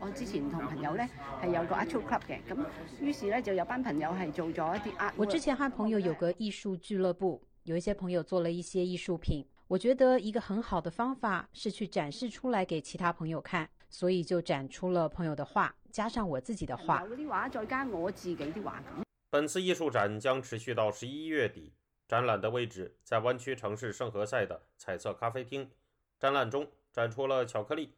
我之前同朋友呢，係有個 Art Club 嘅，咁於是呢，就有班朋友係做咗一啲 art 我之前和朋友有個藝術俱樂部，有一些朋友做了一些藝術品。我覺得一個很好的方法是去展示出來給其他朋友看，所以就展出了朋友的畫，加上我自己的畫。有啲畫，再加我自己的畫。本次藝術展將持續到十一月底，展覽的位置在灣區城市聖何塞的彩色咖啡廳。展覽中展出了巧克力。